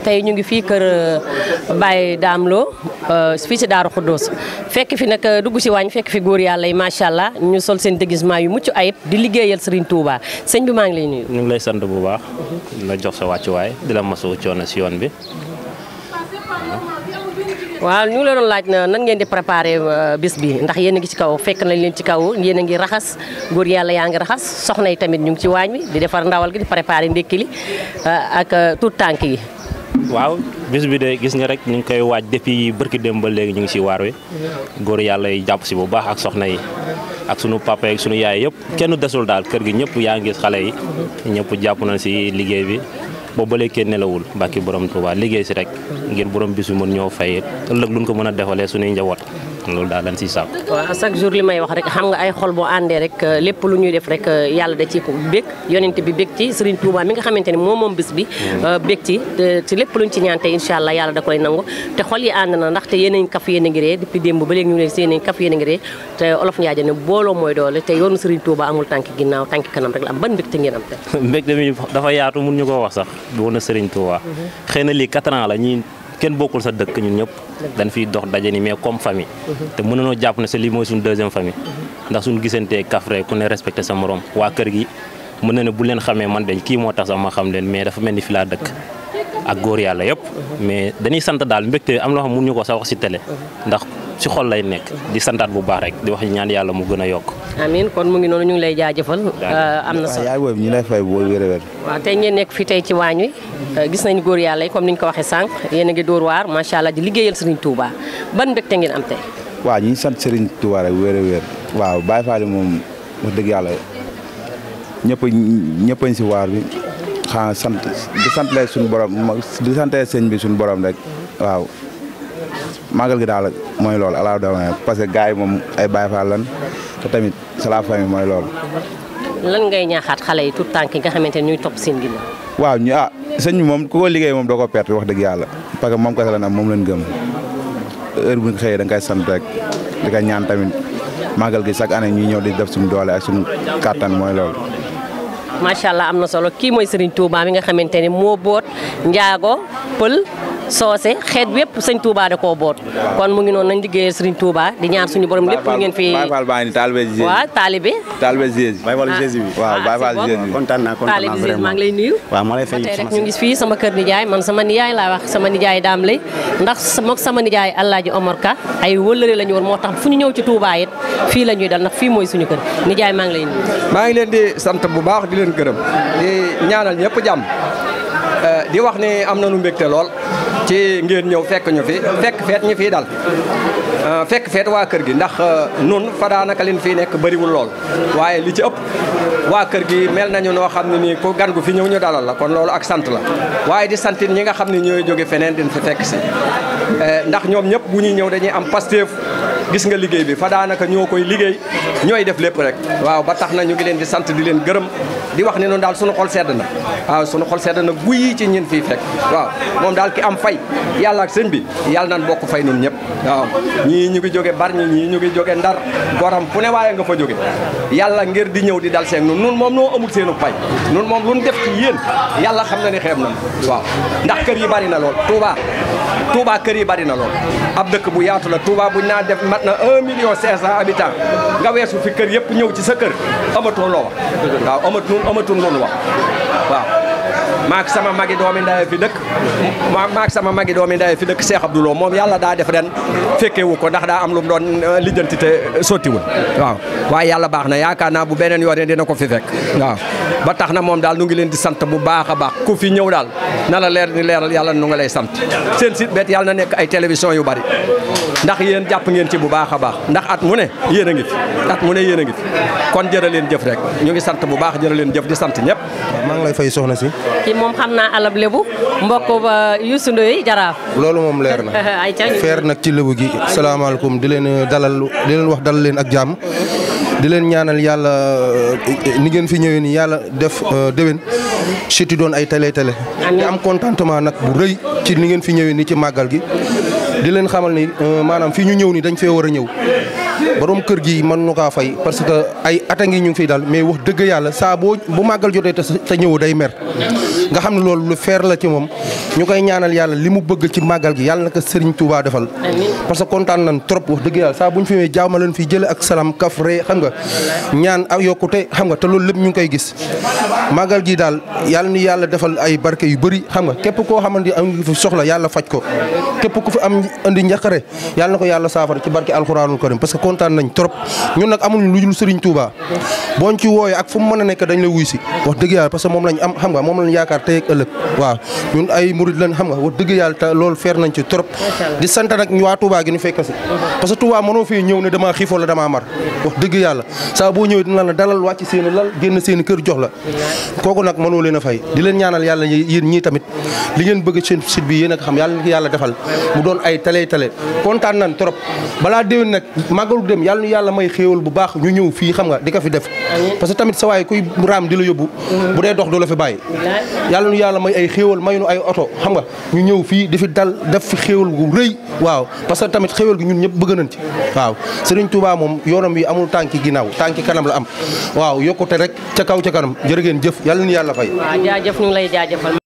tey ñu ngi fii kër euh, bàyyi daam loo euh, fii ci Daaru Xuddoos fekk fi nag euh, dugg ci waañ fekk fi góor yàlla yi macha allah ñu sol seen déguisement yu mucc ayib di liggéeyal sa Serigne Touba sëñ bi maa ngi lay nuyu. ñu lay sant bu baax. Mhm. di la jox di la masu coono ci yoon bi. Mhm. waaw ñu laaj na nan ngeen di préparer bis bi ndax yéen a ngi ci kaw fekk nañ leen ci kaw yéen a ngi raxas góor yàlla yaa ngi raxas soxna yi tamit ñu ngi ci waañ bi di defar ndawal gi di préparer ndékki li ak tout tànk yi. waaw bis bi de gis nga rek ñu ngi koy waaj depuis barki dem ba léegi ñu ngi si waar wi góor yàlla yi jàpp si bu baax ak soxna yi ak sunu papa yi sunu yaay yëpp kenn desul daal kër gi ñëpp yaa ngi xale yi ñëpp jàpp na si liggéey bi boobu ba léegi kenn nelawul bàkki borom Tuubaa liggéey si rek ngir borom bisu mën ñoo fay ëllëg luñ ko mën a defalee sunuy njaboot loolu daal lañ siy sàmm. waaw chaque jour li may wax rek xam nga ay xol boo àndee rek euh, lépp lu ñuy def rek euh, yàlla da ci bég yonent bi bég ci Serigne Touba mi nga xamante ne moom moom bis bi. Mm. Euh, bég ci ci lépp luñ ci ñaante incha allah yàlla da koy nangu te xol yi ànd na ndaxte yéen kaf yéen a ngi ree depuis démb ba léegi booloo mooy doole te yoonu Serigne Touba amul tànki ginnaaw tànki kanam rek la am ban mbégte ngeen am te. dafa yaatu mun ñu ko wax sax. doon na Serigne Touba. Mm-hmm. xëy na la kenn bokkul sa dëkk ñun ñëpp dañ fiy dox daje ni mais comme famille mhm. te mënunoo jàpp ne sa lii mooy suñu deuxième famille mhm. ndax suñu gisantee kafre ku ne respecté sa morom waa kër gi mën na ne bu leen xamee man dañ kii moo tax sax ma xam leen mais dafa mel ni fi laa dëkk mhm. ak góor yàlla yëpp mais dañuy sant daal mbégte am loo xam ko sax wax si télé ndax ci xol lay nekk di santaat bu baax rek di wax ñaan yàlla mu gën a yokk amiin kon mu ngi noonu ñu ngi lay jaajëfal euh, am na solo yaay boobu ñu lay fay boo wér a wér waaw tey ngeen nekk fi tey ci waañ wi Euh, gis nañu góor yàlla yi comme ni ñu ko waxee sànq yéen a ngi dóor waar macha allah di liggéeyal Serigne Touba ban mbégte ngeen am tey. waaw ñu ngi sant Serigne Touba rek wéer a wéer waaw Baye Fall moom wax dëgg si waar bi xanaa sant di sant leen suñu borom di sant bi suñu borom rek waaw. màggal gi daal mooy loolu alaa dama parce que gars yi moom ay Baye Fall lan te tamit Salam Famille mooy loolu. lan ngay ñaaxaat xale yi tout tànk yi nga xamante ñuy topp seen ginnaaw. waaw ah, sëñ moom ku ko liggéey moom doo ko perte wax dëgg yàlla parce que moom kese la nag moom lañ gëm heure bu ñu xëyee da nga sant rek di ko ñaan tamit màggal gi chaque année ñuy ñëw di def suñu doole ak suñu kàttan mooy lool macha allah am na solo kii mooy Serigne Touba mi nga xamante ne moo boot Njaago Pël. soose xeet wépp sëñ Touba da koo boot kon mu ngi noonu nañ liggéeyal sëriñ Touba di ñaan suñu borom lépp lu ngeen fi baayfaal baa ngi taalibe Jésus waaw taalibe taalibe Jésus baayfaal ah, naa kontaan naa vraiment maa ngi lay nuyu waaw ma lay fay tey rek ñu ngi fii sama laa wax sama nijaay daam lay ndax mook sama nijaay Alaaji Omar Ka ay wëllëre la ñu woon moo tax fu ñu ñëw ci Touba it fii la ñuy dal ndax fii mooy suñu kër nijaay maa ngi lay nuyu maa ngi leen di sant bu baax di leen gërëm di ñaanal ñëpp jàmm eh, di wax ne am na nañu mbégte lool ci ngeen ñëw fekk ñu fi fekk feet ñi fi dal euh, fekk feet waa kër gi ndax euh, nun fa daanaka leen fii nekk bëriwul lool waaye li ci ëpp waa kër gi mel nañu noo xam ne nii ku gan gu fi ñëw ñu dalal la kon loolu ak sant la waaye di santin ñi nga xam ne ñooy jóge feneen din fi fekk si euh, ndax ñoom ñëpp bu ñuy ñëw dañuy am Pastef gis nga liggéey bi fa daanaka ñoo koy liggéey ñoy def lépp rek waaw ba tax na ñu ngi leen di sant di leen gërëm di wax ne noonu daal sunu xol sedd na waaw sunu xol sedd na guyi ci ñin fii fekk waaw moom daal ki am fay yàlla ak sëñ bi yàlla nan bokk fay nun ñëpp waaw ñii ñu ngi jóge Bargny ñi ñu ngi jóge Ndar goram fu ne waaye nga fa jóge yàlla ngir di ñëw di dal seeg nun nun moom noo amul seenu fay nun moom lu ñu def ci yéen yàlla xam na ne xeeb na waaw ndax kër yi bari na lool Touba Touba kër yi bari na lool ab dëkk bu yaatu la Touba buñ naa def mat na un million cinq cent habitants nga weesu fi kër yëpp ñëw ci sa kër amatul loo wax waaw amatul amatul loolu wax waaw maak sama magi doomi ndaye fi dëkk maak sama magi doomi ndaye fi dëkk Cheikh Abdoulaye moom yàlla daa def ren fekkewu ko ndax daa am lu mu doon euh, lijjanti te euh, sottiwul waaw waaye yàlla baax na yaakaar naa bu beneen yoon dina ko fi fekk waaw ba tax na moom daal nu ngi leen di sant bu baax a baax ku fi ñëw daal nala leer ni leeral yàlla nu nga lay sant seen site bet yàlla na nekk ay télévision yu bari ndax yéen jàpp ngeen ci bu baax a baax ndax at mu ne yéen a ngi fi at mu ne yéen a kon jërë leen jëf rek ñu ngi sant bu baax jërë leen jëf di sant ñëpp maa ngi lay fay soxna si ji moom xam naa alab lébu mbokk ba Youssou Ndoye jaraaf. loolu moom leer na. feer nag ci lébu gi. salaamaaleykum di leen dalal di leen wax dalal leen ak jàmm. di leen ñaanal yàlla eh, ni ngeen fi ñëwee nii yàlla def eh, déwén surtout doon ay télé télé. te am contentement nag bu rëy ci ni ngeen fi ñëwee ni ci màggal gi. di leen xamal ni eh, maanaam fii ñu ñëw nii dañ fee war a ñëw borom kër gi mën nu kaa fay parce que ay ata ngi ñu ngi daal mais wax dëgg yàlla saa boo bu màggal jotee te ñëw day mer nga xam ne loolu lu feer la ci moom ñu koy ñaanal yàlla li mu bëgg ci màggal gi yàlla na ko Serigne Touba defal parce que kontaan nañ trop wax dëgg yàlla saa bu ñu fi mee jaaw ma leen fi jële ak salaam kaf ree xam nga ñaan a yokkute xam nga te loolu lépp ñu ngi koy gis màggal gi daal yàlla ni yàlla defal ay barke yu bëri xam nga képp koo xamante am ngi fi soxla yàlla faj ko képp ku fi am andi njaqare yàlla na ko yàlla saafara ci barke alxuraanul karim parce que kontaan nañ trop ñun nag amuñu lu dul Serigne Touba booñ ci wooyee ak fu mu mën a nekk dañ la wuy si wax dëgg yàlla parce que moom lañ am xam nga moom lañ yaakaar tey ëllëg waaw ñun ay murid lañ xam nga wax dëgg yàlla lool loolu feer nañ ci trop di sant nag waa Touba gi ñu fekk si mhm. parce que Touba mënoo fii ñëw ne damaa xiif wala damaa mar wax dëgg yàlla saa boo ñëwee dina la dalal wàcc seen lal génn seen kër jox la kooku nag mënoo leen a fay di leen ñaanal yàlla yéen ñii tamit li ngeen bëgg a xam yàlla yàlla defal mu doon ay tale tale kontaan nan trop balaa déwén nag màggalu dem yàlla nu yàlla may xéewal bu baax ñu ñëw fii xam nga di ko fi def parce que tamit sa waay kuy raam di la yóbbu bu dee dox doo la fi bàyyi yàlla nu yàlla may ay xéewal may nu ay oto xam nga ñu ñëw fii di dal def fi xéewal gu rëy waaw parce que tamit xéewal gi ñun ñëpp bëgg nañ ci waaw Serigne Touba moom yoonam yi amul tànki ginnaaw tànki kanam la am waaw yokkute rek ca kaw ca kanam jërë ngeen yàlla